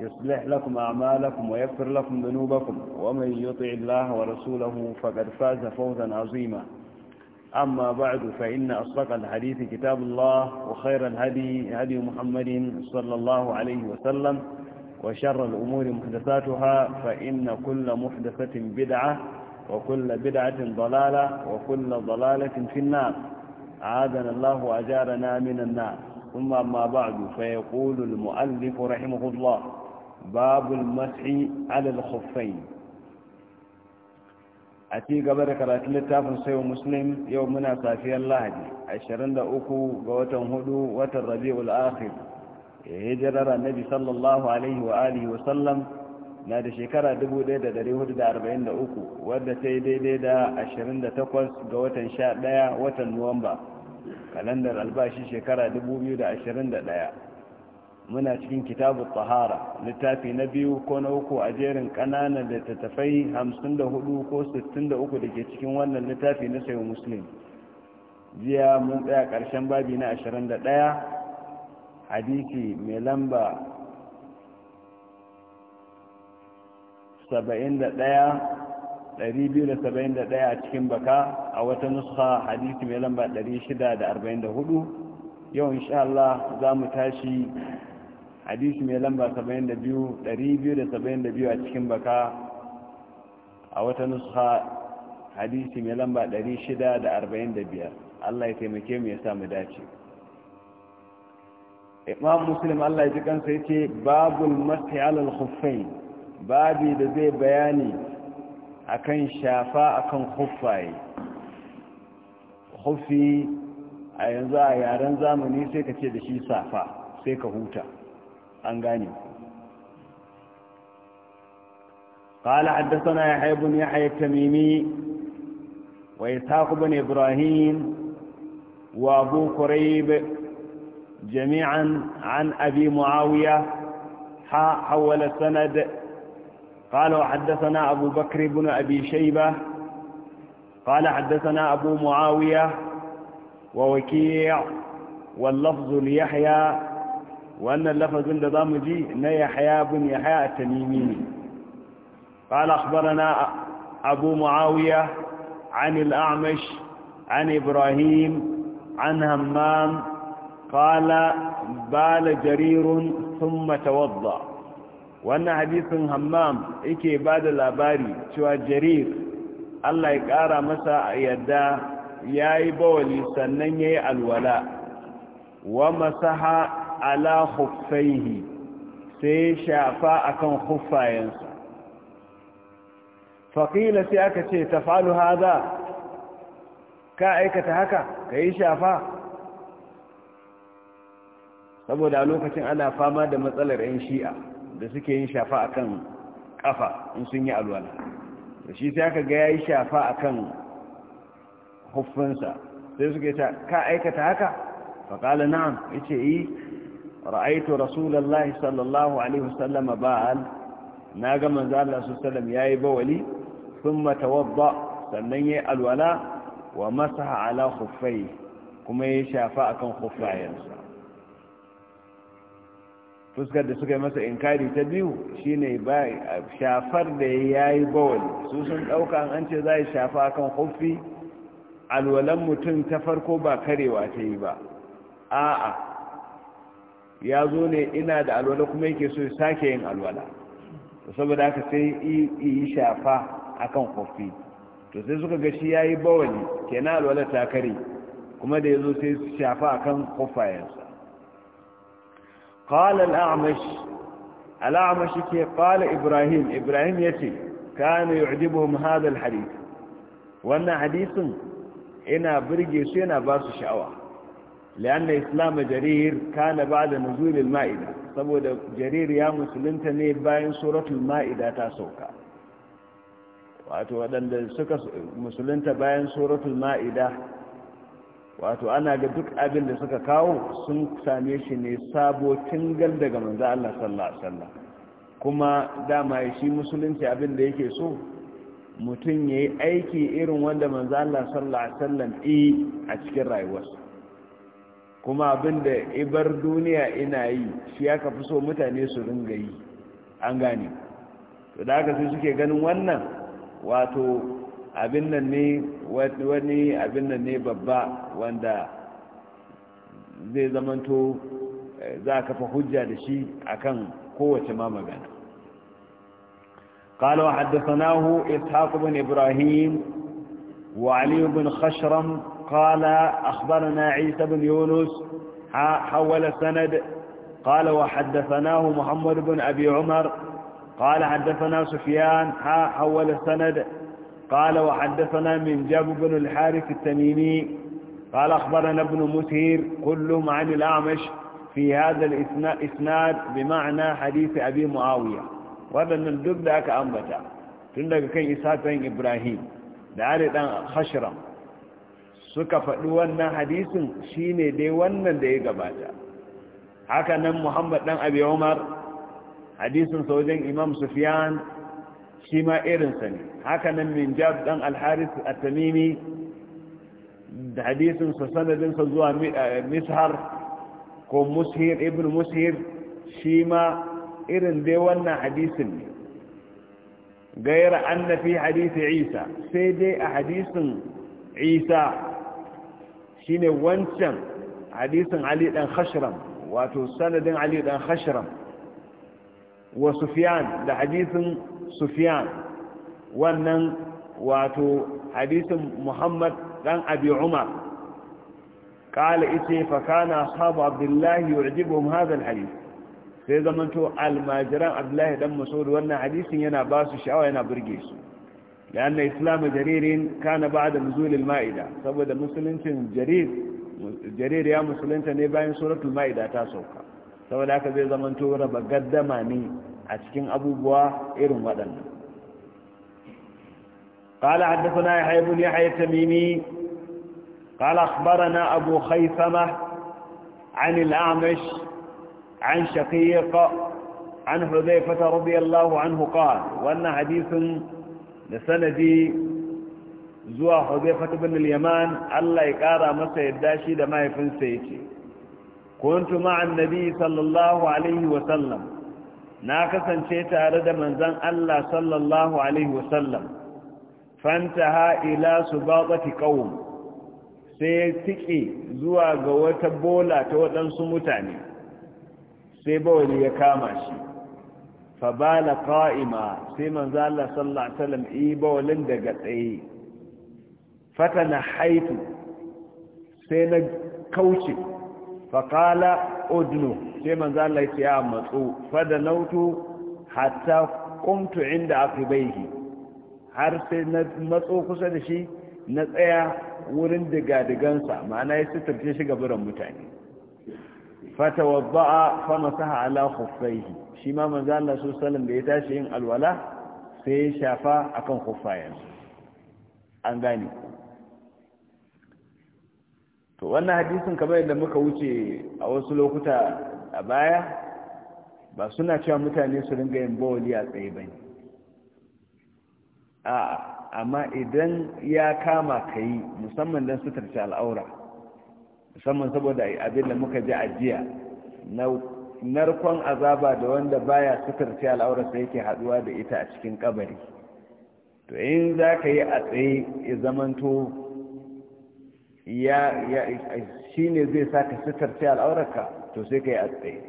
يصلح لكم أعمالكم ويغفر لكم ذنوبكم ومن يطع الله ورسوله فقد فاز فوزا عظيما أما بعد فإن أصدق الحديث كتاب الله وخير الهدي هدي محمد صلى الله عليه وسلم وشر الأمور محدثاتها فإن كل محدثة بدعة وكل بدعة ضلالة وكل ضلالة في النار عادنا الله وأجارنا من النار ثم ما بعد فيقول المؤلف رحمه الله babu matsi alal khuffain a ci gaba da karatun littafin sayo muslim yau muna safiyar lahadi 23 ga watan hudu watan rabi'ul akhir eh, hijirar annabi sallallahu alaihi wa alihi wa sallam na da shekara 1443 wadda ta yi daidai da 28 ga watan 11 watan nuwamba kalandar albashi shekara 2021 muna cikin kitabu tsahara littafi na biyu ko na uku a jerin ƙananan littattafai 54 ko 63 da ke cikin wannan littafi na sayo muslim jiya mun tsaya ƙarshen babi na 21 hadisi mai lamba 71 271 a cikin baka a wata nusa hadisi mai lamba 644 yau insha Allah za mu tashi hadisi mai lamba 72,272 a cikin baka a wata nusa hadisi mai lamba 645 Allah ya taimake mu ya samu dace imam muslim Allah ya ji kansa ya ce babul masti alal khuffain babi da zai bayani akan shafa akan khuffaye khuffi a yanzu a yaren zamani sai ka ce da shi safa sai ka huta an gane قال حدثنا يحيى بن يحيى التميمي وإسحاق بن إبراهيم وأبو قريب جميعا عن أبي معاوية حا حول السند قال وحدثنا أبو بكر بن أبي شيبة قال حدثنا أبو معاوية ووكيع واللفظ ليحيى wannan lafazin da zamu ji na yahya bin yahya a tanimi ne qala na abu muawiya an al-a'mash an ibrahim an hammam qala bala jarirun sun tawadda wannan hadisin hammam yake bada labari cewa jarir Allah ya kara masa a yadda yayi bawali sannan yayi alwala wa masaha ala khuffaihi sai shafa akan khuffayensa faqila sai aka ce ta falu haza, ka aikata haka kai shafa saboda a lokacin ana fama da matsalar yan shi'a da suke yin shafa akan kafa in sun yi alwala da shi sai aka ga yayi shafa akan huffinsa sai suke ta ka aikata haka faƙala na'am yace yi eh. ra'aitu رسول sallallahu alaihi الله ba'al na ga ناغا من ذا الله صلى yayi عليه وسلم ثم sannan yayi alwala wa على خفيه كما kuma ya shafa akan fuskar da suka yi masa inkari ta biyu shine shafar da ya yi bawali su sun ɗauka an ce za yi shafa kan hufi alwalan mutum ta farko ba karewa ta ba a'a ya zo ne ina da alwala kuma yake so ya sake yin alwala saboda haka sai yi shafa akan kofi to sai suka gashi ya yi bawali ke alwala ta kare kuma da ya zo sai shafa akan kofayensa ƙwala al'amash al'amash ke ƙwala ibrahim ibrahim ya ce ka ne yi ajibu wannan hadithin ina birge su yana ba su sha'awa لأن إسلام جرير كان بعد نزول المائدة saboda جرير ya musulunta ne bayan سورة المائدة ta sauka wato waɗanda suka musulunta bayan suratul ma'ida wato ana ga duk abin da suka kawo sun same shi ne sabo tingal daga عليه Allah kuma dama shi musulunci abin da yake so mutum ya yi aiki irin wanda manzo Allah sallallahu alaihi wasallam yi a cikin rayuwarsa kuma abinda ibar duniya ina yi shi ya fi so mutane su ringa yi an gane to da haka sai suke ganin wannan wato abin nan ne wani abin nan ne babba wanda zai zamanto eh, za a kafa hujja da shi akan kowace ma magana قال وحدثناه إسحاق بن إبراهيم وعلي بن خشرم قال أخبرنا عيسى بن يونس حول السند قال وحدثناه محمد بن أبي عمر قال حدثنا سفيان حول السند قال وحدثنا من جاب بن الحارث التميمي قال أخبرنا ابن مسهر كلهم عن الأعمش في هذا الإسناد بمعنى حديث أبي معاوية وهذا من ذاك أنبتا تندق كي إساتين بن إبراهيم دعالي خشرم suka faɗi wannan hadisin shine dai wannan da ya gabata haka nan muhammad ɗan abi umar hadisin wajen imam sufyan shi ma irinsa ne haka nan minjab ɗan alharis a tamimi da hadisinsa sanadinsa zuwa eh, mishar ko mushir ibn mushir shi ma irin dai wannan hadisin ne gaira annafi fi hadisi isa sai dai a hadisin isa shine wancan hadisin ali dan wato sanadin ali dan khashram wa da hadisin sufyan wannan wato hadisin muhammad dan abi umar قال إتي فكان أصحاب عبد الله يعجبهم هذا الحديث sai zamanto almajiran abdullahi dan masaudu wannan hadisin yana basu sha'awa yana burge لأن إسلام جرير كان بعد نزول المائدة سبب مسلم جرير جرير يا مسلم تنبين سورة المائدة تاسوكا سبب لك في زمن تورا بقدماني أتكين أبو بوا إرم ودن قال حدثنا يحيى بن يحيى التميمي قال أخبرنا أبو خيثمة عن الأعمش عن شقيق عن حذيفة رضي الله عنه قال وأن حديث da sanadi zuwa huzaifatu bin al-yaman Allah ya kara masa yadda shi da mahaifinsa yace kuntu ma'an nabi sallallahu alaihi wa sallam na kasance tare da manzon Allah sallallahu alaihi wa sallam fantaha ila subaqati qaum sai tike zuwa ga wata bola ta waɗansu mutane sai bawali ya kama shi fabala qa'ima sai manzo Allah sallallahu alaihi wasallam ibawalin daga tsaye na haitu sai na kauce faqala odino, sai manzo Allah ya matsu nautu, hatta qumtu inda aqibaihi har sai na matso kusa da shi na tsaya wurin digadigansa ma'ana ya suturce shi gaburan mutane fatawadda'a masaha ala khuffaihi shi ma manzo Allah sallallahu alaihi da ya tashi yin alwala sai ya shafa akan khuffayen an gane to wannan hadisin kamar yadda muka wuce a wasu lokuta a baya ba suna cewa mutane su ringa yin bawali a tsaye bane a' amma idan ya kama ka yi musamman don sutarci al'aura musamman saboda abin da muka ji ajiya na narkon azaba da wanda baya al'aurar al'aurarsa yake haduwa da ita a cikin kabari to in za ka yi a tsaye ya zamanto shi ne zai sa ka sutarci al'aurarka to sai ka yi a tsaye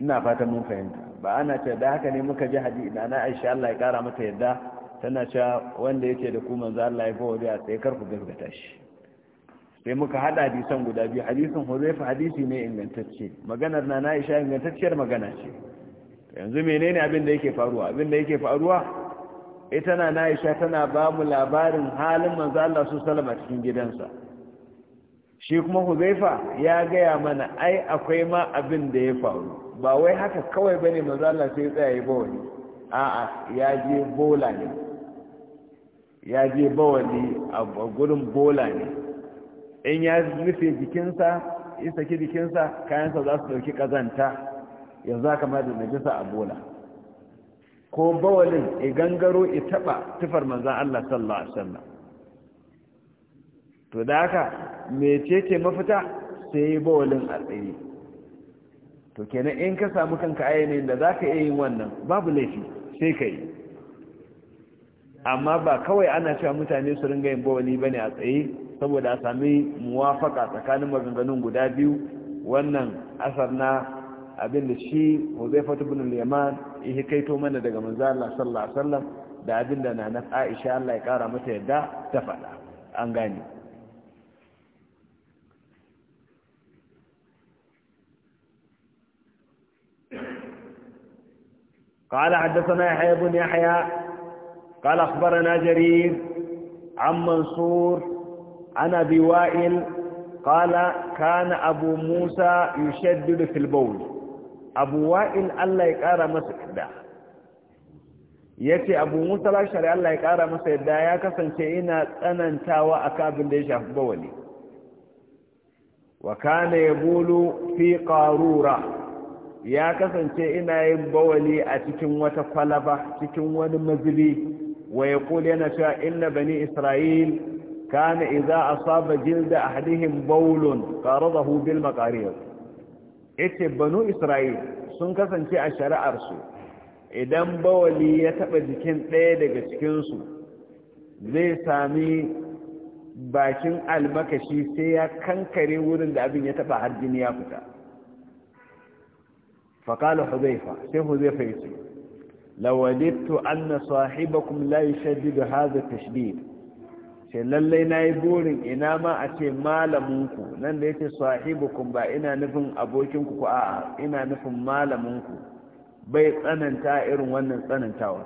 ina fatan mun fahimta ba ana ce da haka ne muka ji hadi da na aisha Allah ya kara mata yadda tana cewa wanda yake da ku manzo Allah ya bawa a tsaye kar ku gargata shi sai muka hada hadisan guda biyu hadisin huzaifa hadisi ne ingantacce maganar na na'isha ingantacciyar magana ce yanzu menene abin da yake faruwa abin da yake faruwa ita na na'isha tana ba mu labarin halin manzo Allah su salama cikin gidansa shi kuma huzaifa ya gaya mana ai akwai ma abin da ya faru ba wai haka kawai bane manzo Allah sai tsaye bawani a'a ya je bola ne ya je bawali a gurin bola ne in ya rufe jikinsa in saki jikinsa kayansa za su dauki kazanta ya za kama da najisa a bola ko bawalin ya gangaro ya taba tufar manzan Allah sallallahu alaihi wasallam to da haka mecece mafita sai yi bawalin a tsaye to kenan in ka samu kanka ayyane da za ka iya yin wannan babu laifi sai ka yi amma ba kawai ana cewa mutane su ringa yin bawali ba ne a tsaye saboda a sami muwafaka tsakanin maganganun guda biyu wannan asar na abin da shi huzaifat ibn al-yaman ya kaito mana daga manzo Allah sallallahu alaihi wasallam da abin da na Aisha Allah ya kara mata yadda ta fada an gane قال حدثنا يحيى بن يحيى قال أخبرنا جرير عن منصور عن أبي وائل قال كان أبو موسى يشدد في البول أبو وائل الله يقار مسعدا yace abu musa shari Allah ya kara masa yadda ya kasance ina tsanantawa a kabin da ya shafi bawali wa kana ya bulu fi ƙarura ya kasance ina yin bawali a cikin wata kwalaba cikin wani mazubi wa ya yana cewa inna bani isra'il كان إذا أصاب جلد أحدهم بول قارضه بالمقاريض إذا بنو إسرائيل سنكثن في أشراء أرسو إذا بولي يتبج كن تيدك تكنسو زي سامي باشن المكشي سيا كان كريور لأبن يتبع الدنيا فتا فقال حذيفة سيف حذيفة يسي لو وجدت أن صاحبكم لا يشدد هذا التشديد ce lallai na yi burin ina ma a ce malaminku nan da yake sahibukum ba ina nufin abokinku ku a'a ina nufin malaminku bai tsananta irin wannan tsanantawa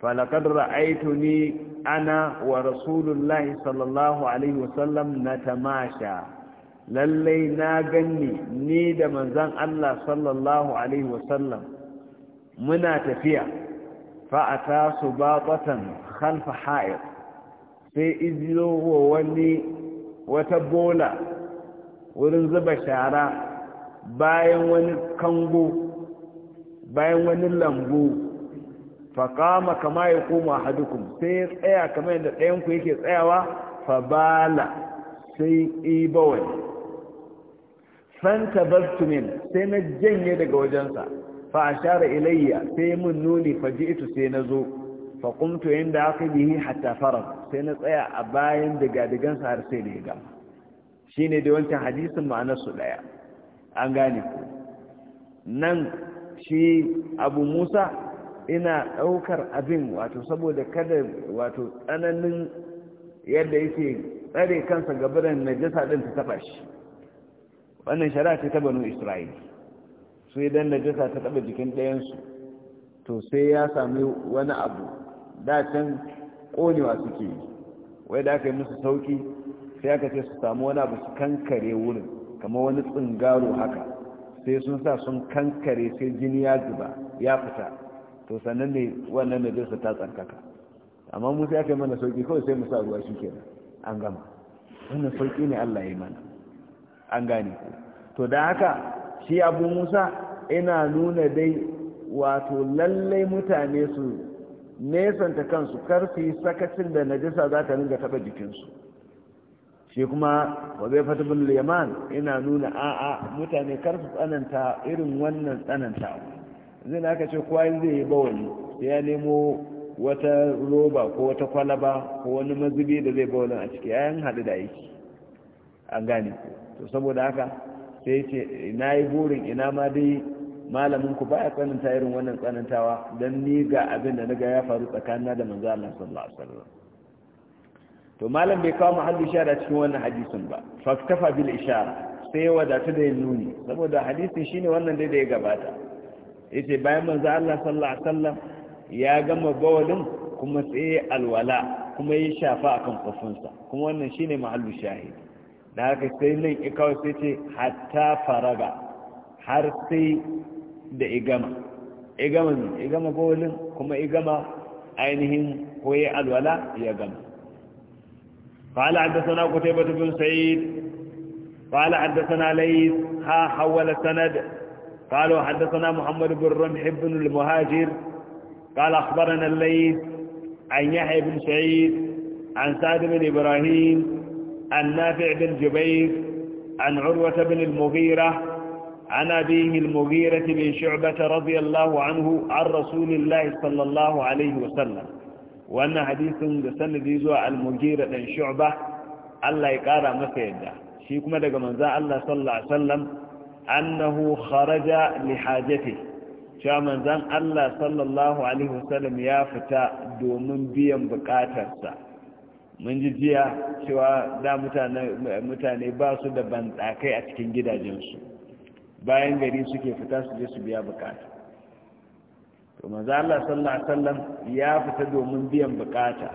falakad ra'aitu ni ana wa rasulullahi sallallahu alaihi wasallam na tamasha lallai na ganni ni da manzan Allah sallallahu alaihi wasallam muna tafiya fa'ata su babatan khalfa ha'ir sai wa wani wata bola wurin zuba shara bayan wani kango bayan wani lambu faƙama kama ya koma hadukun sai ya tsaya kama yadda ɗayanku yake tsayawa fa fabala sai ibawai fanta bastumin sai na janye daga wajensa fa a share ilayya sai mun nuni faji ito sai na zo faƙumtu inda aka yi hatta farar sai na tsaya a bayan digadigansa har sai da ya gama shi ne da wancan hadisin ma'anarsu ɗaya an gane ku nan shi abu musa ina ɗaukar abin wato saboda kada wato tsananin yadda yake tsare kansa gabaran najasa ɗin ta taɓa shi wannan shari'a ce ta banu isra'ila su idan najasa ta taɓa jikin ɗayansu to sai ya sami wani abu da can konewa suke yi wai da aka yi musu sauki sai aka ce su samu wani abu su kankare wurin kamar wani tsingaro haka sai sun sa sun kankare sai jini ya zuba ya fita to sannan ne wannan su ta tsarkaka amma mu sai aka yi mana sauki kawai sai mu sa ruwa shi nan, an gama wannan sauki ne Allah ya yi mana an gane ku to da haka shi abu musa ina nuna dai wato lallai mutane su nesanta kansu kar sakacin da najisa za ta ringa taɓa jikinsu shi kuma wazai fatibin liyaman ina nuna a'a mutane kar tsananta irin wannan tsananta zai na aka ce kwayan zai yi bawali sai ya nemo wata roba ko wata kwalaba ko wani mazubi da zai bawalin a ciki yayin haɗu da aiki an gane to saboda haka sai ce na yi burin ina ma dai malamin ku baya tsananta irin wannan tsanantawa dan ni ga abin da na ga ya faru tsakanina da manzo Allah sallallahu alaihi wasallam to malam bai kawo mahallu shara cikin wannan hadisin ba faktafa bil ishara sai wadata da ya nuni saboda hadisin shine wannan dai da ya gabata yace bayan manzo Allah sallallahu alaihi wasallam ya gama bawalin kuma sai alwala kuma ya shafa akan kofinsa kuma wannan shine mahallu shahidi da haka sai nan ikawa sai ce hatta faraga har sai da igama igama ne igama golin kuma igama ainihin ko alwala ya gama قال حدثنا قتيبة بن سعيد قال حدثنا ليث ها حول السند قالوا حدثنا محمد بن رمح بن المهاجر قال أخبرنا الليث عن يحيى بن سعيد عن سعد بن إبراهيم عن نافع بن جبير عن عروة بن المغيرة عن أبيه المغيرة بن شعبة رضي الله عنه عن رسول الله صلى الله عليه وسلم وأن حديث بسنة ديزو المغيرة بن شعبة الله يقارى مسيدة شيكما دقى منزاء الله صلى الله عليه وسلم أنه خرج لحاجته شاء منزاء الله صلى الله عليه وسلم يافتا دومن بيا بكاترسا mun ji jiya cewa da mutane ba su da bantakai a cikin gidajensu bayan gari suke fita su je su biya bukata to manzo Allah sallallahu alaihi wasallam ya fita domin biyan bukata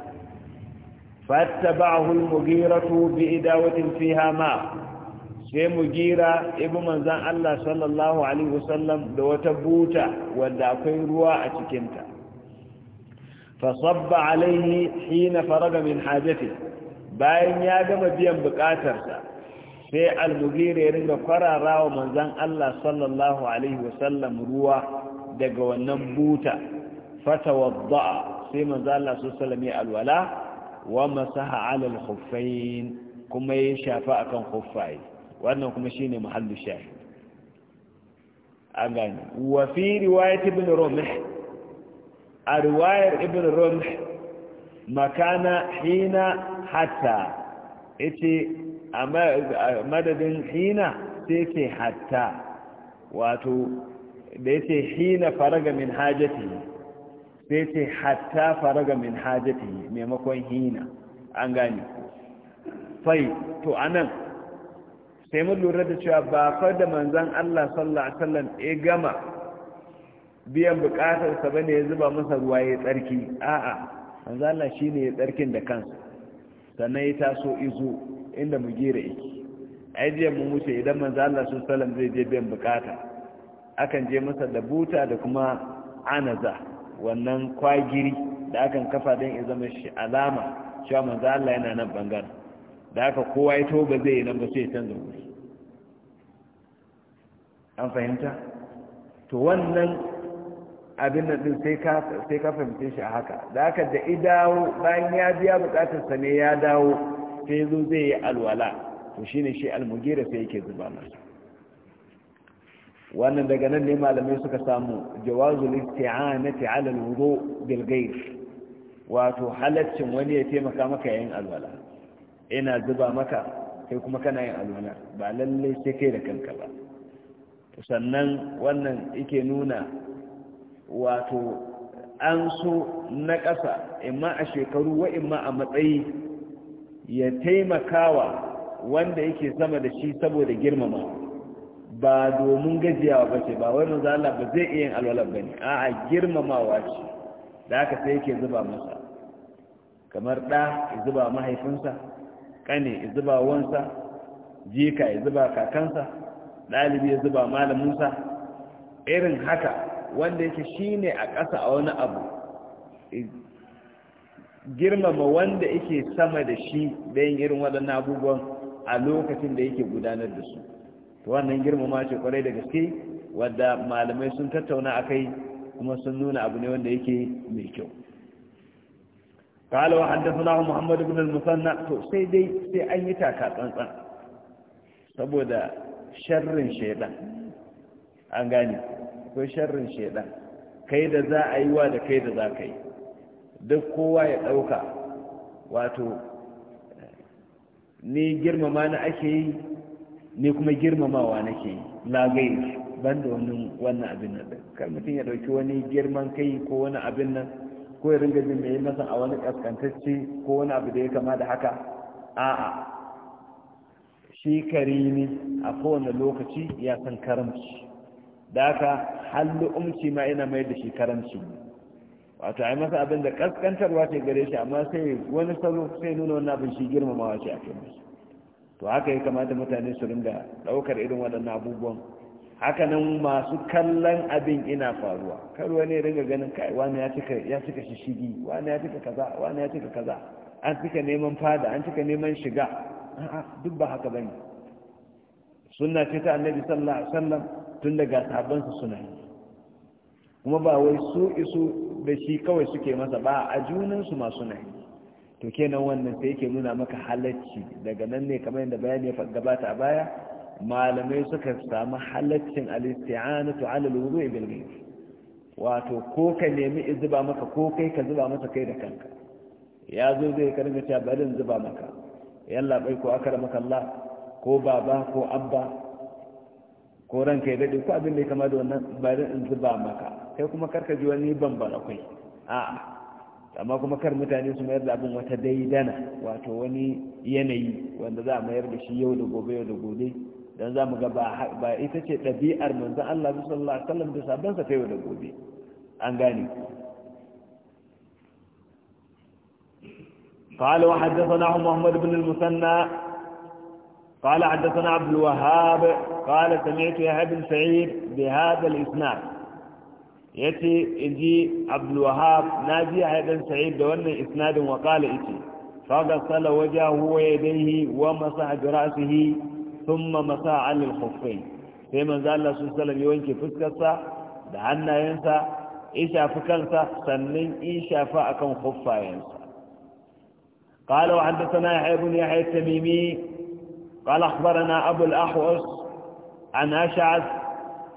fattaba'ahu al-mughiratu bi idawatin fiha ma sai mugira ibu manzan Allah sallallahu alaihi wasallam da wata buta wanda akwai ruwa a cikinta fasabba alaihi hina faraga min hajati bayan ya gama biyan bukatarsa sai almugire ya ringa kwarara wa manzan Allah sallallahu Alaihi wasallam ruwa daga wannan buta fata wadda'a sai manzan Allah sallallahu ya alwala wa masaha alal huffain kuma ya shafa akan huffaye wannan kuma shine mahallu shafi a gani wafi riwayat ibn rumh a riwayar ibn rumh makana hina hatta ita a madadin hina sai ce hatta wato da ya ce hina faraga min hajjati sai ce hatta faraga min hajjati maimakon hina an gani fai to anan sai mun lura da cewa ba fa da manzan Allah sallallahu alaihi wasallam ya gama biyan bukatarsa bane ya zuba masa ruwa ya tsarki a'a manzan Allah shine ya tsarkin da kansa sannan ya taso izo inda mu gira iki ai jiya mu wuce idan manzo Allah su sallam zai je biyan bukata akan je masa da buta da kuma anaza wannan kwagiri da akan kafa don ya zama shi alama cewa manzo Allah yana nan bangar da haka kowa ya toba zai yi nan ba sai ya canza wuri an fahimta to wannan abin da din sai ka sai ka fahimce shi a haka da haka da idawo bayan ya biya bukatarsa ne ya dawo sai zo zai yi alwala to shine shi almugira sai yake zuba masa wannan daga nan ne malamai suka samu jawazul isti'anati 'ala alwudu bil ghayr wato halaccin wani ya taimaka maka yayin alwala ina zuba maka sai kuma kana yin alwala ba lalle sai kai da kanka ba sannan wannan yake nuna wato an so na ƙasa imma a shekaru wa imma a matsayi ya taimakawa wanda yake sama da shi saboda girmama ba domin gajiyawa ba ce ba wai manzo Allah ba zai iya yin alwala ba ne a'a girmamawa ce da aka sai yake zuba masa kamar ɗa ya zuba mahaifinsa ƙane ya zuba wansa jika ya zuba kakansa ɗalibi ya zuba malaminsa irin haka wanda yake shi ne a ƙasa a wani abu girmama wanda yake sama da shi da irin waɗannan abubuwan a lokacin da yake gudanar da su to wannan girmama ce kwarai da gaske wadda malamai sun tattauna a kai kuma sun nuna abu ne wanda yake mai kyau قال وحدثنا محمد بن المثنى to sosai dai sai an yi taka tsantsan saboda sharrin غاني an gane شيطان sharrin shedan kai da za a yi wa da kai da za ka yi duk kowa ya ɗauka wato ni girmama na ake yi ni kuma girmamawa ke yi lagayi ban da wannan abin nan kar mutum ya ɗauki wani girman kai ko wani abin nan ko ya ringa jin mai masa a wani kaskantacce ko wani abu da ya kama da haka a'a shi kari ne a kowane lokaci ya san karamci da haka hallu umci ma yana mai da shi karamci wato ai masa abin da kaskantarwa ce gare shi amma sai wani salo sai nuna wannan abin shi girmamawa ce a kan to haka ya kamata mutane su rinda daukar irin waɗannan abubuwan haka nan masu kallon abin ina faruwa kar wani ringa ganin kai wani ya cika ya cika shishigi wani ya cika kaza wani ya cika kaza an cika neman fada an cika neman shiga a'a duk ba haka bane sunna ce ta annabi sallallahu alaihi wasallam tun daga sahabban su suna kuma ba wai su isu da shi kawai suke masa ba a junansu masu na to kenan wannan sai yake nuna maka halacci daga nan ne kamar yadda bayani ya gabata a baya malamai suka samu halaccin al-isti'anatu 'ala al-wudu'i ghayr wato ko ka nemi zuba maka ko kai ka zuba masa kai da kanka ya zo zai karga cewa bari in zuba maka yalla bai ko akara maka Allah ko baba ko abba ko ranka ya dade ko abin da ya kama da wannan bari in zuba maka kai kuma karka ji wani bambara kai a'a amma kuma kar mutane su mayar da abin wata daidana wato wani yanayi wanda za a mayar da shi yau da gobe yau da gobe dan za mu ga ba ita ce ɗabi'ar manzon Allah sallallahu alaihi wasallam da sabon sa yau da gobe an gane قال وحدثنا محمد بن المثنى قال حدثنا عبد الوهاب قال سمعت يا ابن سعيد بهذا الاسناد ya ce in ji abdulwahab na ji a haɗin sa'id da wannan isnadin wa ƙala ita fagasala waje huwa ya daihi wa masa a jirasihi sun ma masa a alil hufai sai manzo Allah sun salam ya wanke fuskarsa da hannayensa ya shafi kansa sannan ya shafa akan huffayensa قال وحدثنا يحيى بن يحيى التميمي قال أخبرنا أبو الأحوص عن أشعث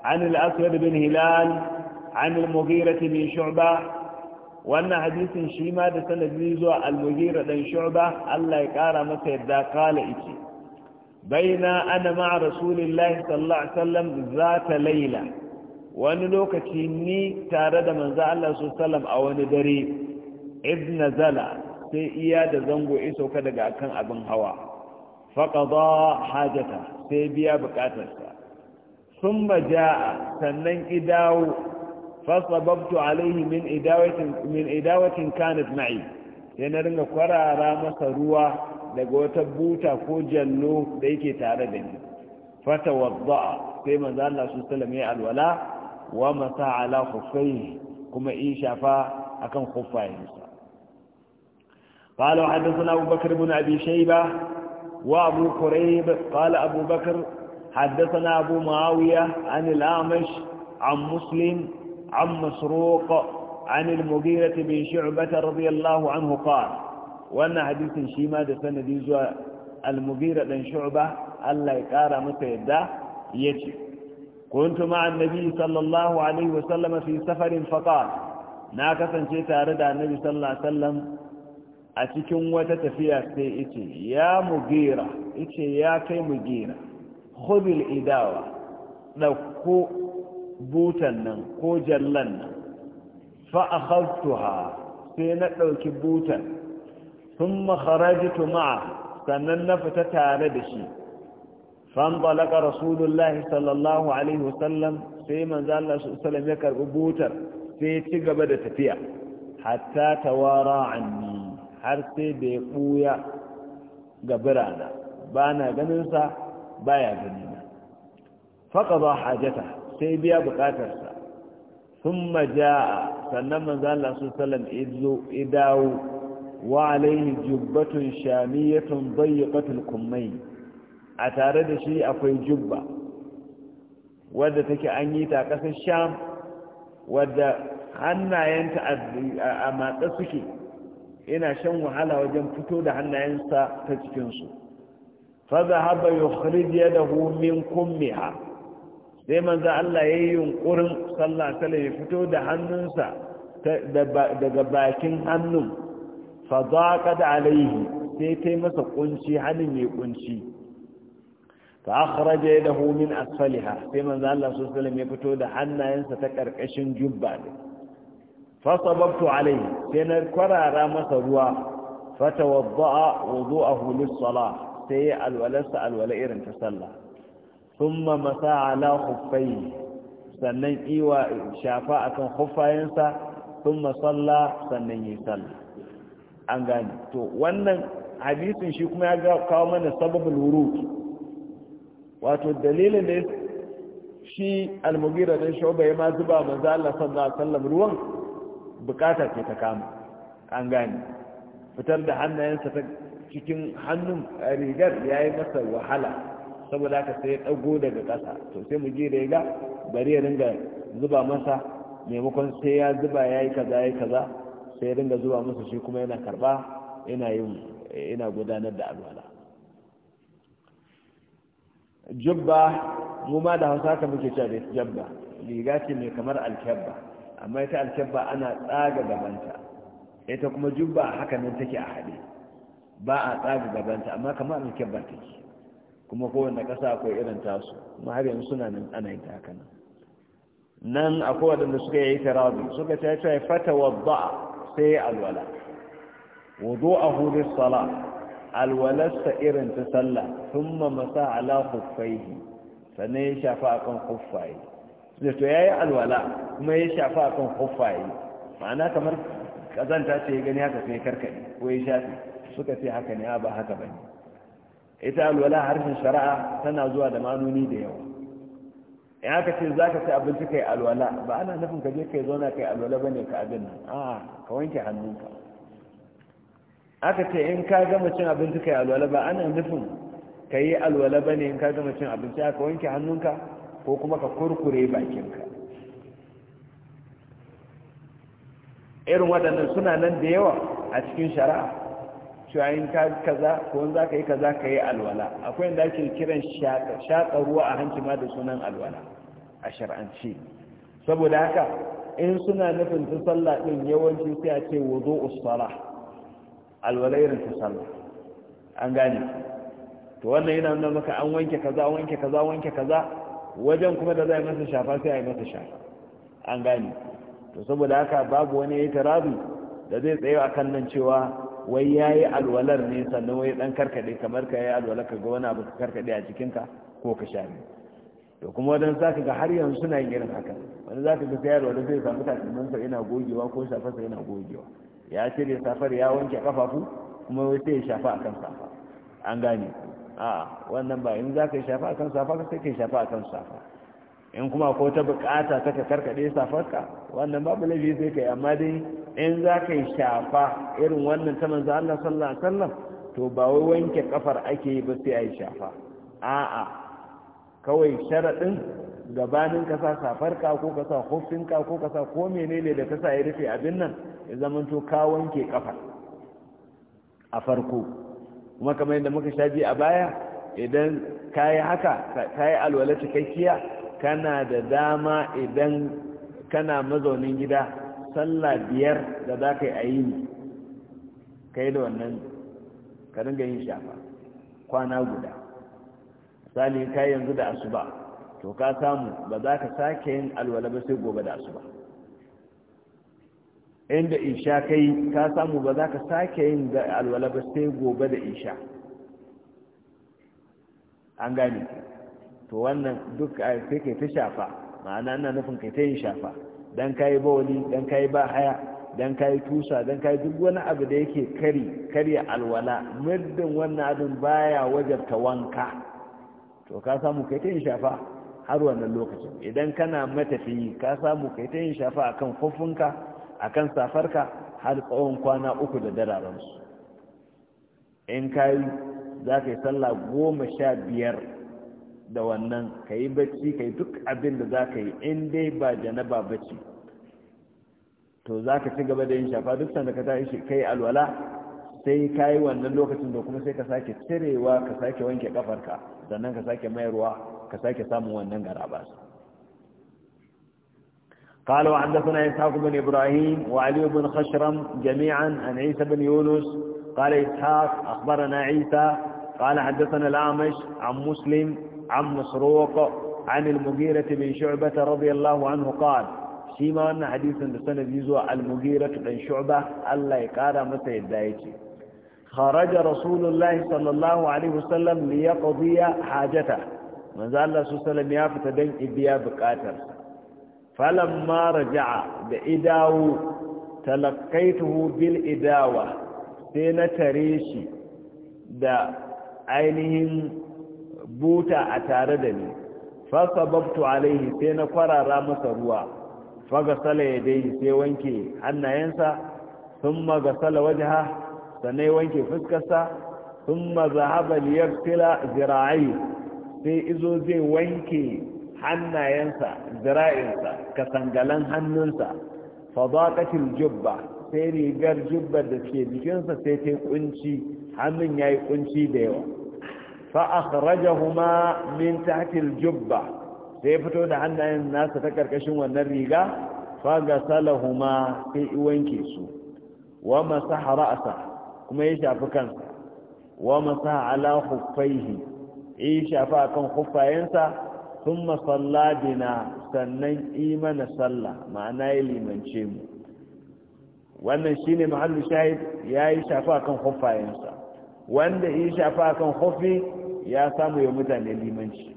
عن الأسود بن هلال عن المغيرة من شعبة وأن حديث شيما تسنديز المغيرة من شعبة الله يقار مسيدا قال إتي بين أنا مع رسول الله صلى الله عليه وسلم ذات ليلة wani lokaci ni tare da manzo Allah a wani dare ibn zala sai iya da zango iso ka daga kan abin hawa faqada hajata sai biya bukatarsa thumma a sannan idawo فصببت عليه من إداوة من إداوة كانت معي yana ringa kwarara masa ruwa daga wata buta ko jallo da yake tare da ni fata wadda'a sai manzo Allah su sallame ya alwala wa masa ala khuffai kuma in shafa akan khuffayen sa qala hadathana Abu Bakr ibn Abi Shayba wa Abu Qurayb qala Abu Bakr hadathana Abu Muawiya an al-Amash an Muslim عن مسروق عن المغيرة بن شعبة رضي الله عنه قال وانا حديث شيما ده سندي زوا المغيرة بن شعبة الله يقارى متى يجي كنت مع النبي صلى الله عليه وسلم في سفر فقال ناكسا شيء تارد عن النبي صلى الله عليه وسلم أتكم وتتفيا سيئتي يا مغيرة إتي يا كي مغيرة خذ الإداوة لو butan nan ko jallan nan fa'akhaftuha sai na ɗauki butan sun makharajitu ma'a sannan na fita tare da shi fanɓalaka rasulullahi sallallahu alaihi wasallam sai manzo Allah sallallahu ya karɓi butar sai ci gaba da tafiya hatta tawara anni har sai da ya ɓuya ga birana bana na ganinsa baya gani faƙa ba hajjata sai biya bukatarsa sun maja'a sannan manzan Allah su salam idawo wa alaihi jubbatun shamiyatun bayyakatul kummai a tare da shi akwai jubba wadda take an yi ta kasar sham wadda hannayenta a matsa suke ina shan wahala wajen fito da hannayensa ta cikinsu fa zahaba yukhrij yadahu min kummiha sai manza Allah ya yi yunkurin sallah ta ya fito da hannunsa daga bakin hannun fazaƙa da alaihi sai ta masa kunci hannun ya kunci fa akhraja da min asfaliha sai manza Allah sallallahu ya fito da hannayensa ta karkashin jubba din fa alaihi sai na kwarara masa ruwa fata tawadda a lis sala sai alwalarsa alwala irin ta sallah thumma masa ala khuffayhi sannan iwa shafa akan khuffayensa thumma salla sannan yi salla an gani. to wannan hadisin shi kuma ya ga kawo mana sababul wurud wato dalilin da shi al-mughira dan shuba ya ma zuba manzo Allah sallallahu alaihi wasallam ruwan bukata ce ta kama an gani. fitar da hannayensa ta cikin hannun rigar yayi masa wahala saboda haka sai ya ɗago daga ƙasa to sai mu je da bari ya ringa zuba masa maimakon sai ya zuba ya yi kaza ya yi kaza sai ya ringa zuba masa shi kuma yana karba yana yin yana gudanar da alwala jubba mu ma da hausa ka muke cewa da jabba riga ce mai kamar alkyabba amma ita alkyabba ana tsaga gabanta ita kuma jubba haka nan take a haɗe ba a tsaga gabanta amma kamar alkyabba take kuma kowane ƙasa akwai irin tasu kuma har yanzu suna nan ana yin haka nan nan akwai waɗanda suka yi tarabi suka ce cewa fata wadda sai alwala a hudu sala alwalarsa irin ta sallah thumma masa ala khuffaihi sannan ya shafa akan khuffaye sai ya yi alwala kuma ya shafa akan khuffaye ma'ana kamar kazanta ce ya gani haka sai karkade ko ya shafi suka ce haka ne a ba haka ba ne. ita alwala harshen shari'a tana zuwa da manuni da yawa in aka ce za ka ci abinci kai alwala ba ana nufin ka je kai zauna kai alwala ba ne ka abin nan a ka wanke hannunka aka ce in ka gama cin abinci kai alwala ba ana nufin ka yi alwala ba ne in ka gama cin abinci ka wanke hannunka ko kuma ka kurkure bakinka irin waɗannan suna nan da yawa a cikin shari'a cewa in ka kaza ko in za ka yi kaza ka yi alwala akwai inda ake kiran shaƙa ruwa a hanci ma da sunan alwala a shar'anci saboda haka in suna nufin ta sallah ɗin yawanci sai a ce wazo usala alwala irin ta sallah an gane to wannan yana nuna maka an wanke kaza wanke kaza wanke kaza wajen kuma da za a yi masa shafa sai a yi masa shafa an gane to saboda haka babu wani ya yi da zai tsaye a kan nan cewa wai ya yi alwalar ne sannan wai dan karkade kamar ka yi alwalar ka ga wani abu ka karkade a cikinka ko ka sha ne to kuma za ka ga har yanzu suna yin irin haka wani zaka ga sai alwalar zai samu takalmin sa yana gogewa ko shafarsa yana gogewa ya cire safar ya wanke kafafu kuma wai sai ya shafa a kan safa an gane a wannan ba in za ka yi shafa a kan safa ka sai ka shafa kan safa in kuma ko ta bukata ta ka karkade safarka wannan babu laifi sai kai amma dai in za ka yi shafa irin wannan ta manzo Allah sallallahu alaihi wasallam to ba wai wanke kafar ake yi ba sai ayi shafa a'a kawai sharaɗin gabanin ka sa ka ko ka sa ka ko ka sa ko menene da ka sa ya rufe abin nan ya to ka wanke kafar a farko kuma kamar yadda muka sha a baya idan ka yi haka ka yi alwala cikakkiya kana da dama idan kana mazaunin gida sallah biyar da za ka yi a yi ka kai da wannan ka ganin yin shafa kwana guda misali ka yanzu da asuba to ka samu ba za ka sake yin alwala ba sai gobe da asuba inda isha kai ka samu ba za ka sake yin alwala ba sai gobe da isha an gane to wannan duk eh, sai kai ta shafa ma'ana ana nufin kai ta yin shafa dan kayi bawali dan kayi ba haya dan kayi tusa dan kayi duk wani abu da yake kari karya alwala muddin wannan abin baya wajarta wanka to ka samu kai ta yin shafa har wannan lokacin idan kana matafiyi ka samu kai ta yin shafa akan kofinka akan safarka har tsawon kwana uku da dararensu in kayi za ka yi sallah goma sha biyar da wannan ka yi bacci ka yi duk abin da za ka yi in dai ba janaba bacci to za ka ci gaba da yin shafa duk sanda ka tashi ka yi alwala sai ka yi wannan lokacin da kuma sai ka sake cirewa ka sake wanke kafarka sannan ka sake mayarwa ka sake samun wannan su قال وحدثنا إسحاق بن إبراهيم وعلي بن خشرم جميعا عن عيسى بن يونس قال إسحاق أخبرنا عيسى قال حدثنا الأعمش عن مسلم عن مسروق عن المغيرة بن شعبة رضي الله عنه قال شيما أن حديثا بسند يزوى المغيرة بن شعبة الله يقال متى يدايتي خرج رسول الله صلى الله عليه وسلم ليقضي حاجته من ذا الله صلى الله عليه وسلم يافت دين إبيا بكاتر فلما رجع بإداو تلقيته بالإداوة سينتريشي da ainihin buta a tare da ni sababtu alaihi sai na kwarara masa ruwa fagasala ya dai sai wanke hannayensa sun waje ha sannan wanke fuskarsa sun mazahaba liyartila zira'ai sai izo zai wanke hannayensa zira'insa katangalan hannunsa fadaqatil jubba sai rigar jubba da ke bikinsa sai ta yi kunci hannun ya yi kunci da yawa fa'akhrajahuma min tahtil jubba sai fito da hannayen nasa ta karkashin wannan riga fagasalahuma sai wanke su wa masaha ra'sa kuma ya shafi kansa wa masaha ala khuffaihi ya shafi akan khuffayensa thumma salla bina sannan imana salla ma'ana ya limance mu wannan shine mahallu shahid yayi shafi akan khuffayensa wanda ya shafi akan khuffi ya samu ya mutane limanci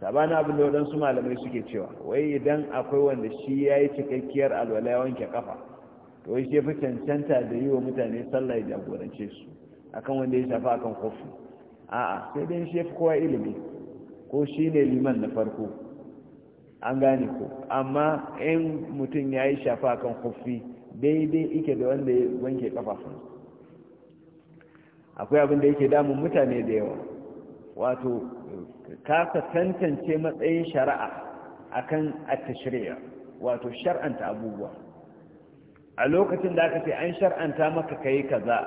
sabanin abin da waɗansu malamai suke cewa wai idan akwai wanda shi ya yi cikakkiyar alwala ya wanke kafa to shi ya fi cancanta da yi wa mutane sallah ya jagorance su akan wanda ya shafa akan kofi a'a sai dai shi fi kowa ilimi ko shi ne liman na farko an gane ko amma in mutum ya yi shafa akan kofi daidai ike da wanda ya wanke kafafunsa akwai abin da yake damun mutane da yawa wato kasa tantance matsayin shari'a akan at-tashri'a wato shar'anta abubuwa a lokacin da aka ce an shar'anta maka kai kaza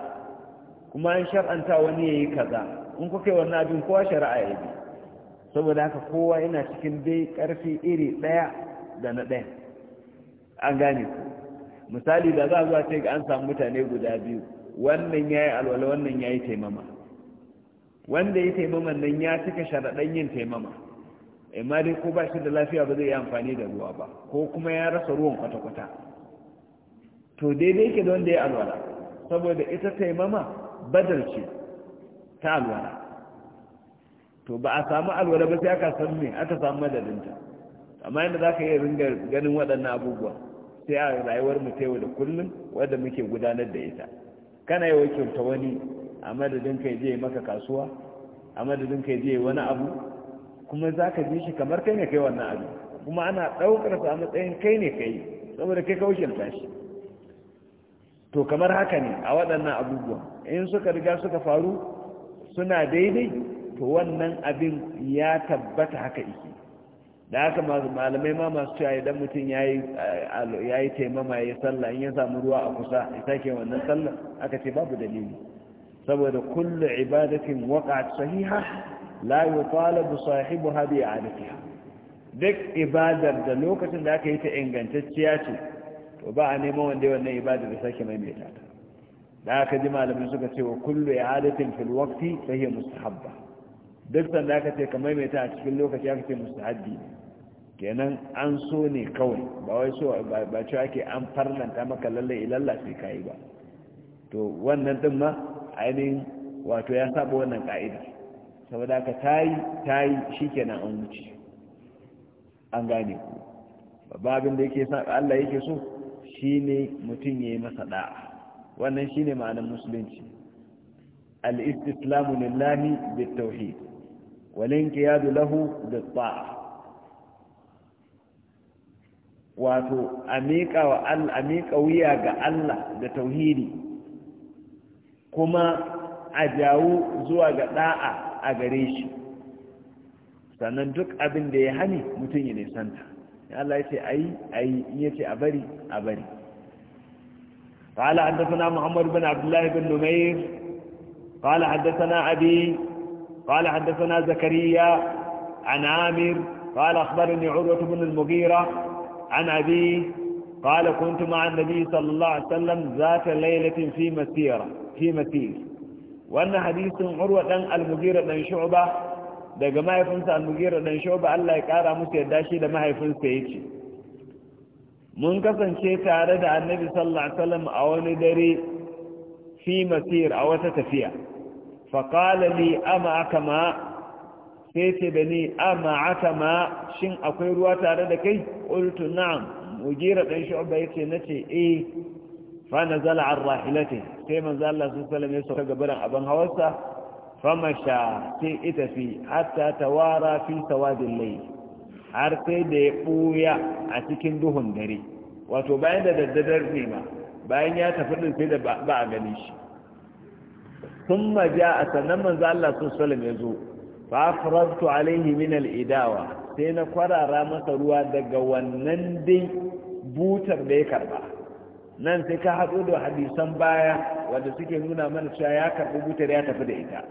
kuma an shar'anta wani yayi kaza in kuka yi wannan abin kowa shari'a ya bi saboda haka kowa yana cikin dai karfi iri daya da na daya an gane ku misali da za a zuwa ce ga an samu mutane guda biyu wannan yayi alwala wannan yayi taimama wanda ya taimama nan ya cika sharaɗan yin taimama amma dai ko ba shi da lafiya ba zai yi amfani da ruwa ba ko kuma ya rasa ruwan kwata-kwata to daidai ke da wanda ya alwala saboda ita taimama badar ce ta alwala to ba a samu alwala ba sai aka san me aka samu madadinta amma yadda za ka iya ringa ganin waɗannan abubuwa sai a rayuwar mu ta yau da kullum wadda muke gudanar da ita kana yi kyauta wani a madadin kai je maka kasuwa a madadin kai je wani abu kuma za ka ji shi kamar kai ne kai wannan abu kuma ana ɗaukar sa a matsayin kai ne kai saboda kai ka wakilta shi to kamar haka ne a waɗannan abubuwa in suka riga suka faru suna daidai to wannan abin ya tabbata haka iki da haka malamai ma masu cewa idan mutum ya yi taimama ya yi sallah in ya samu ruwa a kusa ya sake wannan sallah aka ce babu dalili سبب كل عبادة وقعت صحيحة لا يطالب صاحبها بإعادتها ذك عبادة دلوكة لك يتعنقن تتسياتي وبع نموان دي وأن عبادة بساك ما يميتها لك دي ما لم يسكت وكل إعادة في الوقت فهي مستحبة دلتا لك كما يميتها في اللوكة يكت مستعدي كأنا أنسوني قوي بأويسو بأشواكي أنفرنا تامك لله إلا الله في كايبا تو وأن ننتم ما ainihin wato ya saba wannan ka'ida saboda ka tayi tayi shikenan an wuce an gane ku babin da yake Allah yake so shine mutum yayi masa da'a wannan shine ma'anar musulunci al-istislamu lillahi bit-tauhid wal inqiyadu lahu bit-ta'a wato amika wa wuya ga Allah da tauhidi kuma a jawo zuwa ga da'a a gare shi sannan duk abin da ya hani mutum ya nisanta Allah ya ce ayi ayi in ya ce a bari a bari قال حدثنا محمد بن عبد الله بن نمير قال حدثنا أبي قال حدثنا زكريا عن عامر قال أخبرني عروة بن المغيرة عن أبي قال كنت مع النبي صلى الله عليه وسلم ذات ليلة في مسيرة wannan hadisin urwa dan al mugira dan shu'ba daga mahaifinsa al mugira dan shu'ba Allah ya kara musu yadda shi da mahaifinsa yace mun kasance tare da annabi sallallahu alaihi wasallam a wani dare fi masir a wata tafiya fa qala li ama akama sai ce da ni ama akama shin akwai ruwa tare da kai qultu na'am mugira dan shu'ba yace nace eh fa Zala an rahilati sai manzo Allah sallallahu alaihi wasallam ya sauka gaban abin hawarsa famasha sai ita fi hatta tawara fi sawadil layl har sai da ya buya a cikin duhun dare wato bayan da daddadar ne ma bayan ya tafi din sai da ba a gani shi Sun جاء a من manzo Allah صلى الله عليه وسلم يزو فافرضت عليه sai na kwarara masa ruwa daga wannan dai butar da ya karba nan sai ka haɗo da hadisan baya wanda suke nuna mana cewa ya karɓi butar ya tafi da ita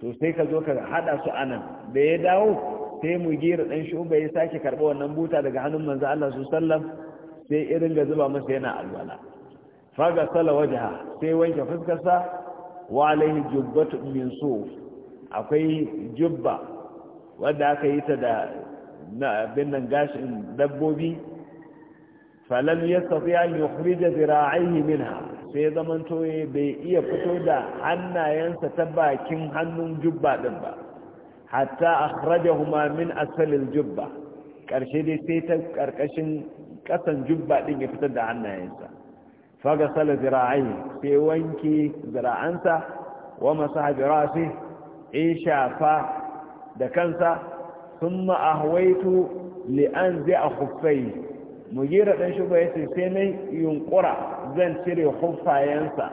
to sai ka zo ka haɗa su a nan da ya dawo sai mu gira ɗan shuba ya sake karɓi wannan buta daga hannun manzo Allah su sallam sai irin ga zuba masa yana alwala faga sala wajaha sai wanke fuskarsa wa alaihi jubbatu min suf akwai jubba wanda aka yi ta da na gashin dabbobi falam yastati an yukhrija zira'ihi minha sai zamanto bai iya fito da hannayensa ta bakin hannun jubba din ba hatta akhrajahuma min asalil jubba karshe dai sai ta karkashin kasan jubba din ya fitar da hannayensa faga sala zira'ai sai wanke zira'ansa wa masaha bi in shafa da kansa sun thumma ahwaitu zai a khuffai mugira dan ya yace sai na yunkura zan cire hufayensa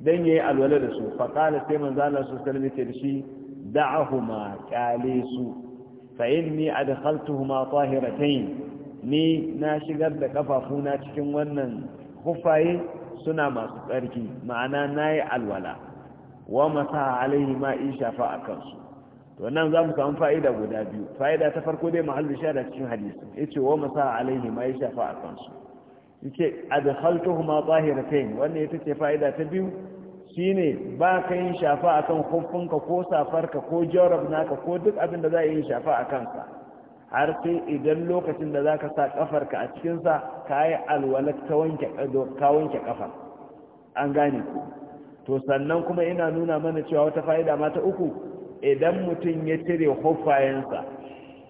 dan yayi alwala da su fa sai manzo Allah su sallame ce da shi da'ahuma qale su fa inni adkhaltuhuma tahiratayn ni na shigar da kafafuna cikin wannan hufaye suna masu tsarki ma'ana nayi alwala wa masa alaihi ma in shafa akan to za mu samu fa'ida guda biyu fa'ida ta farko dai mahallin shahada cikin hadisi ce wa masa alaihi ma ya shafa a kansu yace zahira tahiratayn wannan ita ce fa'ida ta biyu shine ba ka yin shafa akan huffinka ko safarka ko jarab naka ko duk abin da za yi shafa a kansa har sai idan lokacin da za ka sa kafarka a cikinsa ka yi alwalar ka wanke kafar an gane ku to sannan kuma ina nuna mana cewa wata fa'ida ma ta uku idan mutum ya cire hufayensa,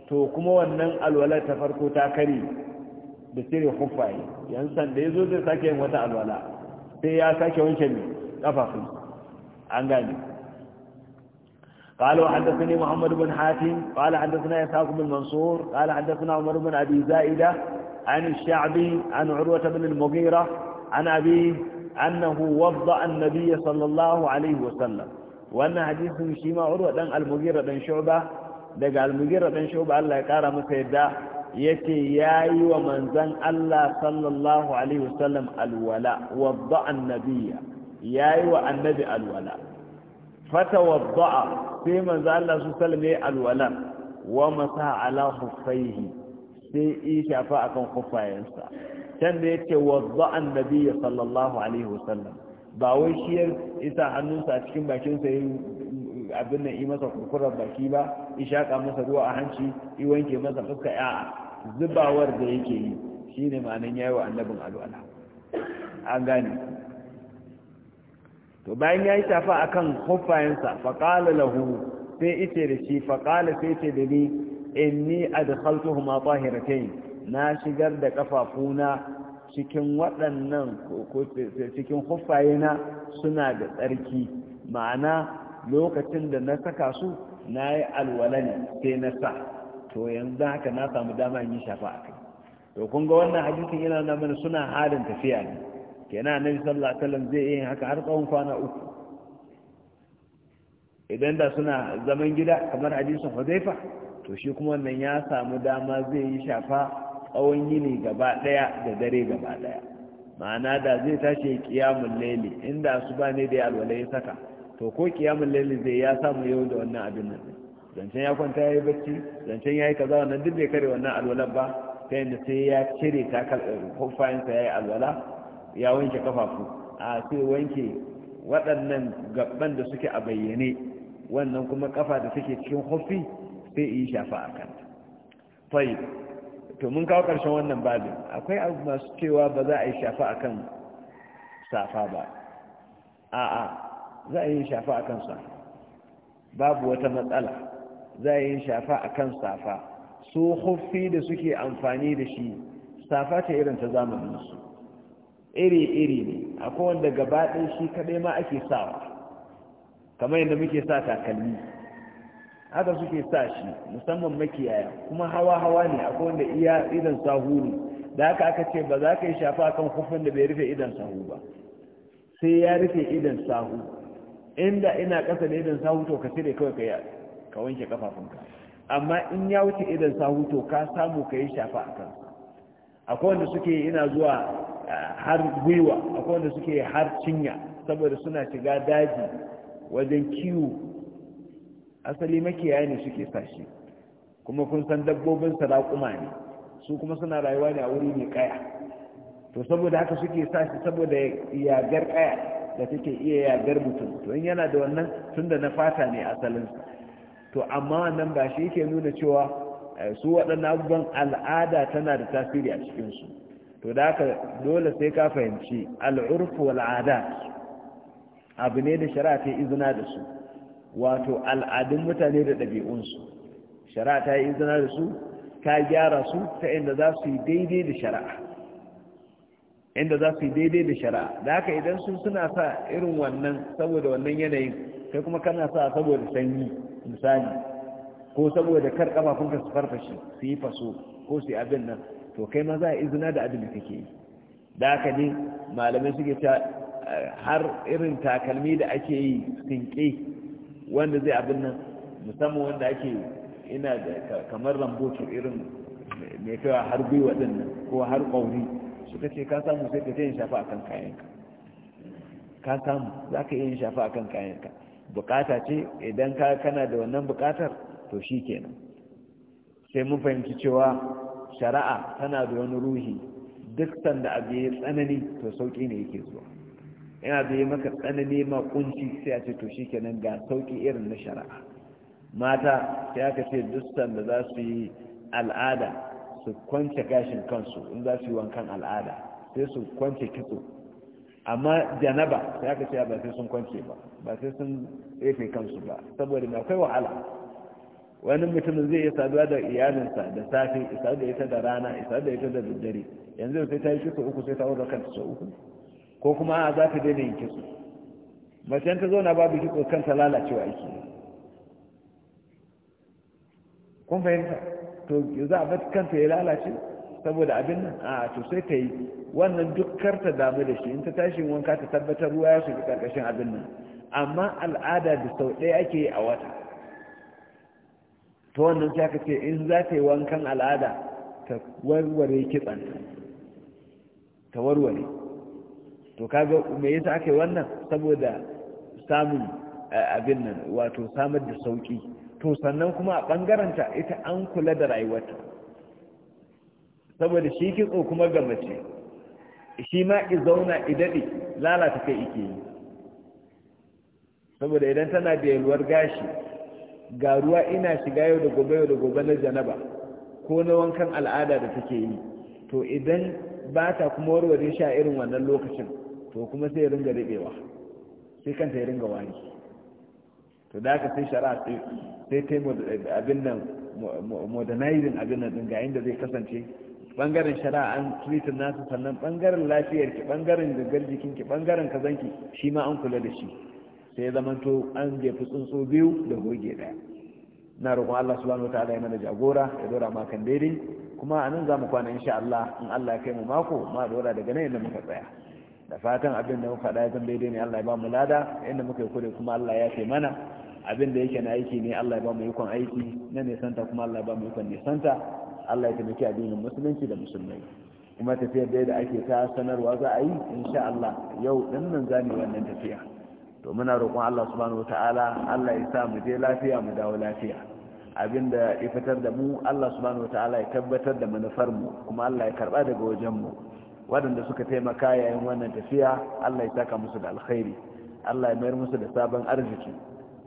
to kuma wannan alwala ta farko ta kari da cire hufaye. yan sanda ya zo zai sake yin wata alwala sai ya sake wanke ne kafafun an gane قالوا حدثني محمد بن حاتم قال حدثنا إسحاق بن منصور قال حدثنا عمر بن أبي زائدة عن الشعبي عن عروة بن المغيرة عن أبيه أنه وضأ النبي صلى الله عليه وسلم wannan hadisin shi ma urwa dan al-mughira dan shu'ba daga al-mughira dan shu'ba Allah ya kara masa yadda yace yayi wa manzon Allah sallallahu alaihi wasallam alwala wadda annabiyya yayi wa annabi alwala fatawadda sai manzon Allah su sallame alwala wa masa ala khuffaihi sai yi shafa akan khuffayensa can da yace wadda annabiyya sallallahu alaihi wasallam ba wai shi isa hannunsa a cikin bakinsa ya abin nan yi masa kurkurar baki ba in shaƙa masa ruwa a hanci yi wanke masa fuska ya zubawar da yake yi shi ne ma'anin ya yi wa annabin alwala an gane to bayan ya yi tafa a kan huffayensa faƙala lahu sai ice da shi faƙala sai ce da ni in ni a da na shigar da kafafuna. cikin waɗannan eh, cikin na suna da tsarki ma'ana lokacin da na saka su na yi alwala ne sai na sa to yanzu haka na samu dama yi shafa a kai to kun ga wannan hadisin yana na mana suna halin tafiya ne kenan na sallallahu sallah wasallam zai yi haka har tsawon kwana uku idan da suna zaman gida kamar hadisin Hudaifa, to shi kuma wannan ya samu dama zai yi shafa tsawon yini gaba daya da dare gaba daya ma'ana da zai tashi kiyamun laili inda ba ne da ya alwala ya saka to ko kiyamun laili zai ya samu yau da wannan abin nan zancen ya kwanta ya yi bacci zancen ya yi kaza wannan duk bai kare wannan alwalar ba ta yadda sai ya cire takal eh, kofayensa ya yi alwala ya wanke kafafu a sai wanke waɗannan gaban da suke a bayyane wannan kuma kafa da suke cikin hofi sai yi shafa a kanta to mun kawo ƙarshen wannan babin akwai abu masu cewa ba za a yi shafa a kan safa ba a'a za a yi shafa a kan safa babu wata matsala za a yi shafa a kan safa su huffi da suke amfani da shi safa ta irin ta zamaninsu iri-iri ne a kowanda gabaɗin shi kaɗai ma ake sawa kamar yadda muke sa takalmi haka suke sa shi musamman makiyaya kuma hawa hawa ne akwai wanda iya idan sahu ne da haka aka ce ba za ka yi shafa kan kufin da bai rufe idan sahu ba sai ya rufe idan sahu inda ina ƙasa da idan sahu to ka cire kawai ka ka wanke kafafunka amma in ya wuce idan sahu to ka samu ka yi shafa a kansa akwai wanda suke ina zuwa har gwiwa akwai wanda suke har cinya saboda suna shiga daji wajen kiwo asali makiyaya ne suke sashi kuma kun san dabbobin sarakuma ne su kuma suna rayuwa ne a wuri mai kaya to saboda haka suke sashi saboda yagar kaya da take iya yagar mutum to in yana da wannan tun da na fata ne asalinsa to amma wannan ba shi yake nuna cewa eh, su waɗannan abubuwan al'ada tana da tasiri a cikinsu to da haka dole sai ka fahimci al'urfu wal'ada abu ne da shari'a ta izina da su wato al'adun mutane da ɗabi'unsu shari'a ta yi izina da su ta gyara su ta inda za su yi daidai da shari'a inda za su yi daidai da shari'a da haka idan sun suna sa irin wannan saboda wannan yanayin kai kuma kana sa saboda sanyi misali ko saboda kar kafafunka su farfashe su yi faso ko su yi abin nan to kai ma za a izina da abin da kake yi da haka ne malamai suke ta har irin takalmi da ake yi sinke wanda zai abin nan musamman wanda ake ina da kamar irin mai kawa har gwiwa din nan ko har ƙauri suka ce ka samu sai ka yin shafa akan kayanka ka samu za ka yin shafa akan kayanka bukata ce idan ka kana da wannan bukatar to shi kenan sai mun fahimci cewa shari'a tana da wani ruhi duk sanda abu ya tsanani to sauƙi ne yake zuwa yana da yi maka tsanani ma kunci sai a ce to shi kenan ga sauki irin na shari'a mata sai aka ce duk da za su yi al'ada su kwance gashin kansu in za su yi wankan al'ada sai su kwance kitso amma janaba sai aka ce ba sai sun kwance ba ba sai sun tsefe kansu ba saboda na akwai wahala wani mutumin zai iya saduwa da iyalinsa da safe isa da ita da rana isa da ita da daddare yanzu sai ta yi kitso uku sai ta wuce kanta sau uku ko kuma a za ta daina yin kitso mace ta zauna babu kitso kanta lalacewa aiki kun fahimta to za a bar kanta ya lalace saboda abin nan a to sai ta yi wannan dukkar ta damu da shi in ta tashi wanka ta tabbatar ruwa ya shiga karkashin abin nan amma al'ada da sau ɗaya ake yi a wata ta wannan sai ce in za ta yi wankan al'ada ta warware kitsanta ta warware to kaga me yasa aka wannan saboda samun eh, abin nan wato samar da sauki to sannan kuma a ta ita an kula da rayuwarta saboda shi kitso kuma ga mace shi ma zauna idade lalata kai ike yi saboda idan tana da yalwar gashi ga ruwa ina shiga yau da gobe yau da gobe na janaba ko na wankan al'ada da take yi to idan ba ta kuma warware shi a irin wannan lokacin to kuma sai ya ringa ribewa sai kanta ya ringa wani to da aka sai shara sai ta abin nan modernizing abin nan ga inda zai kasance bangaren shara an tritin nasu sannan bangaren lafiyarki bangaren jikin, ki bangaren kazanki shi ma an kula da shi sai ya to an jefi tsuntsu biyu da goge ɗaya. na roƙon Allah subhanahu wa ta'ala ya mana jagora ya dora makan daidai kuma a nan za mu kwana sha Allah in Allah ya kai mu mako ma dora daga nan yadda muka tsaya da fatan abin da muka faɗa ya zan daidai ne Allah ya ba mu lada inda muka yi kure kuma Allah ya ce mana abin da yake na aiki ne Allah ya ba mu yukon aiki na nisanta kuma Allah ya ba mu nisanta Allah ya taimaki addinin musulunci da musulmai kuma tafiyar da da ake ta sanarwa za a yi insha Allah yau din nan za mu wannan tafiya to muna roƙon Allah subhanahu wataala Allah ya sa mu je lafiya mu dawo lafiya abin da ya fitar da mu Allah subhanahu wataala ya tabbatar da manufar mu kuma Allah ya karba daga wajen mu waɗanda suka taimaka yayin wannan tafiya Allah ya saka musu da alkhairi Allah ya mayar musu da sabon arziki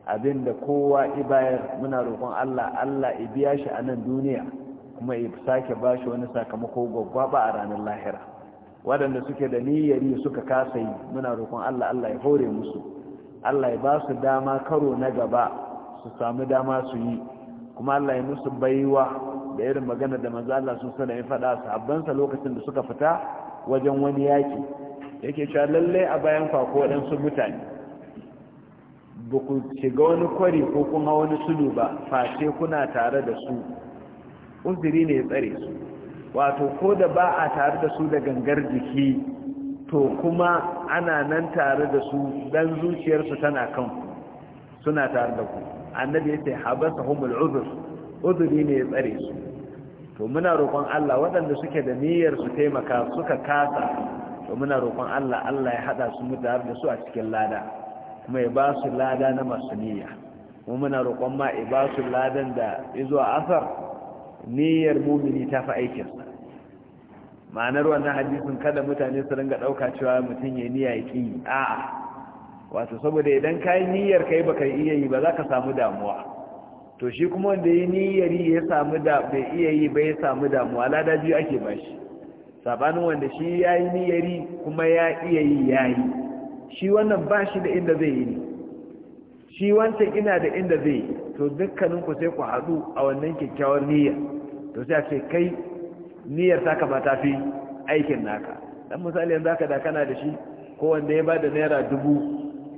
abinda kowa ibayar muna roƙon Allah Allah ya biya shi a nan duniya kuma ya sake ba shi wani sakamako gwaggwaba a ranar lahira waɗanda suke da niyyari suka kasa yi muna roƙon Allah Allah ya hore musu Allah ya ba su dama karo na gaba su samu dama su yi kuma Allah ya musu baiwa da irin magana da manzo Allah sun sanar ya faɗa sahabbansa lokacin da suka fita wajen wani yaki yake cewa lallai a bayan kwako waɗansu mutane ba ku shiga wani kwari ko kuma wani sulu ba face kuna tare da su uzuri ne ya tsare su wato ko da ba a tare da su da gangar jiki to kuma ana nan tare da su dan zuciyarsu tana kan suna tare da ku annabi ya ce habasa humul uzur uzuri ne ya tsare su to muna roƙon Allah waɗanda suke da niyyar su taimaka suka kasa to muna roƙon Allah Allah ya haɗa su mutar da su a cikin lada kuma ya ba su lada na masu niyya kuma muna roƙon ma ya ba su ladan da izuwa asar niyyar mumini ta fi aikinsa ma'anar wannan hadisin kada mutane su ringa ɗauka cewa mutum ya niyya ya a'a wato saboda idan ka niyyar kai baka iya yi ba za ka samu damuwa to shi kuma wanda ya niyyari ya samu da bai iya yi ba ya samu damuwa alada biyu ake ba shi sabanin wanda shi ya yi niyyari kuma ya iya yi ya yi shi wannan ba shi da inda zai yi shi wancan ina da inda zai yi to dukkaninku sai ku haɗu a wannan kyakkyawar niyya. to sai a ce kai niyyar ta ba ta fi aikin naka dan misali yanzu haka da kana da shi ko wanda ya ba da naira dubu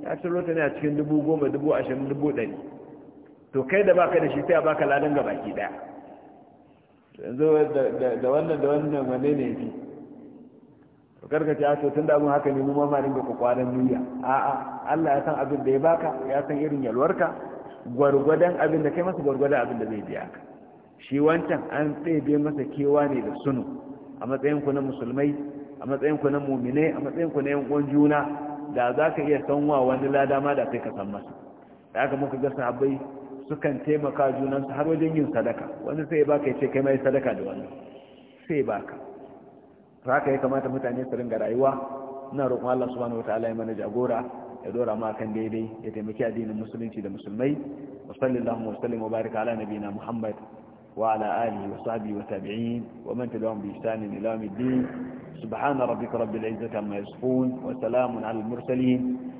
ya ciro ta ne a cikin dubu goma dubu ashirin dubu ɗari to kai da baka da shi sai a baka ladan ga baki daya yanzu da wannan da wannan wanne ne yake to karka ce ah, to tunda mun haka ne mu ma ma dinga kwakwaran niyya a'a Allah ya san abin da ya baka ya san irin yalwarka gwargwadon abin da kai masa gwargwadon abin da zai biya ka shi wancan an tsebe masa kewa ne da sunu a matsayin ku na musulmai a matsayin ku na mumine a matsayin ku na yan uwan juna da za ka iya sanwa wani lada ma da sai ka san masa da aka muka ga sahabbai sukan taimaka junansu har wajen yin sadaka wani sai baka ya ce kai mai sadaka da wani sai baka haka ya kamata mutane su ringa rayuwa ina roƙon Allah subhanahu wataala ya mana jagora ya dora ma kan daidai ya taimaki addinin musulunci da musulmai wa sallallahu wa sallam wa baraka ala nabiyina muhammad wa ala alihi wa sahbihi wa tabi'in wa man tabi'ahum bi ihsan ila yawmiddin subhana rabbika rabbil izzati amma yasifun wa salamun alal mursalin